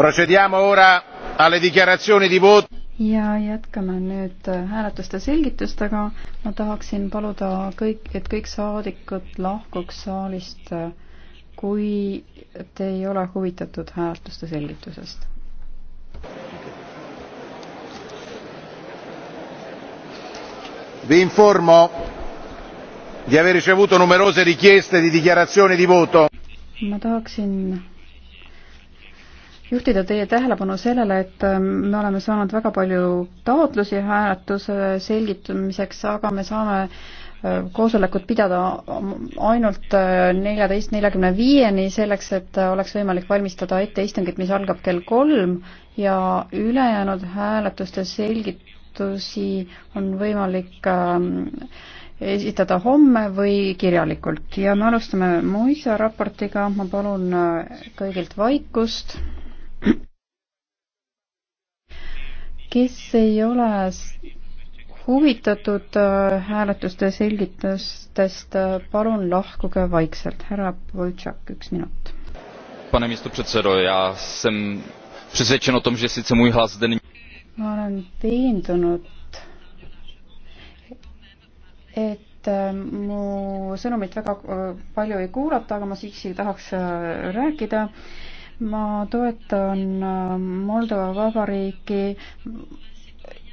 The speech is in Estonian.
procediamo ora alle dichiarazioni di voto. ja jätkame nüüd äh, hääletuste selgitustega. ma tahaksin paluda kõik, et kõik saadikud lahkuks saalist, äh, kui te ei ole huvitatud hääletuste selgitusest. Vi informo di aver ricevuto numerose richieste di dichiarazione di voto. ma tahaksin juhtida teie tähelepanu sellele, et ähm, me oleme saanud väga palju taotlusi hääletuse selgitamiseks, aga me saame äh, koosolekut pidada ainult äh, neljateist neljakümne viieni, selleks et äh, oleks võimalik valmistada ette istungit, mis algab kell kolm ja ülejäänud hääletuste selgitusi on võimalik ähm, esitada homme või kirjalikult ja me alustame Moisa raportiga, ma palun kõigilt vaikust kes ei ole huvitatud äh, hääletuste selgitustest, äh, palun lahkuge vaikselt. härra Voltšak, üks minut. pane mistupredsedo ja see on přesvědčen o tom, že sice můj hlas zde není. Ma olen veendunud, et äh, mu sõnumit väga palju ei kuulata, aga ma siiski tahaks rääkida ma toetan äh, Moldova Vabariiki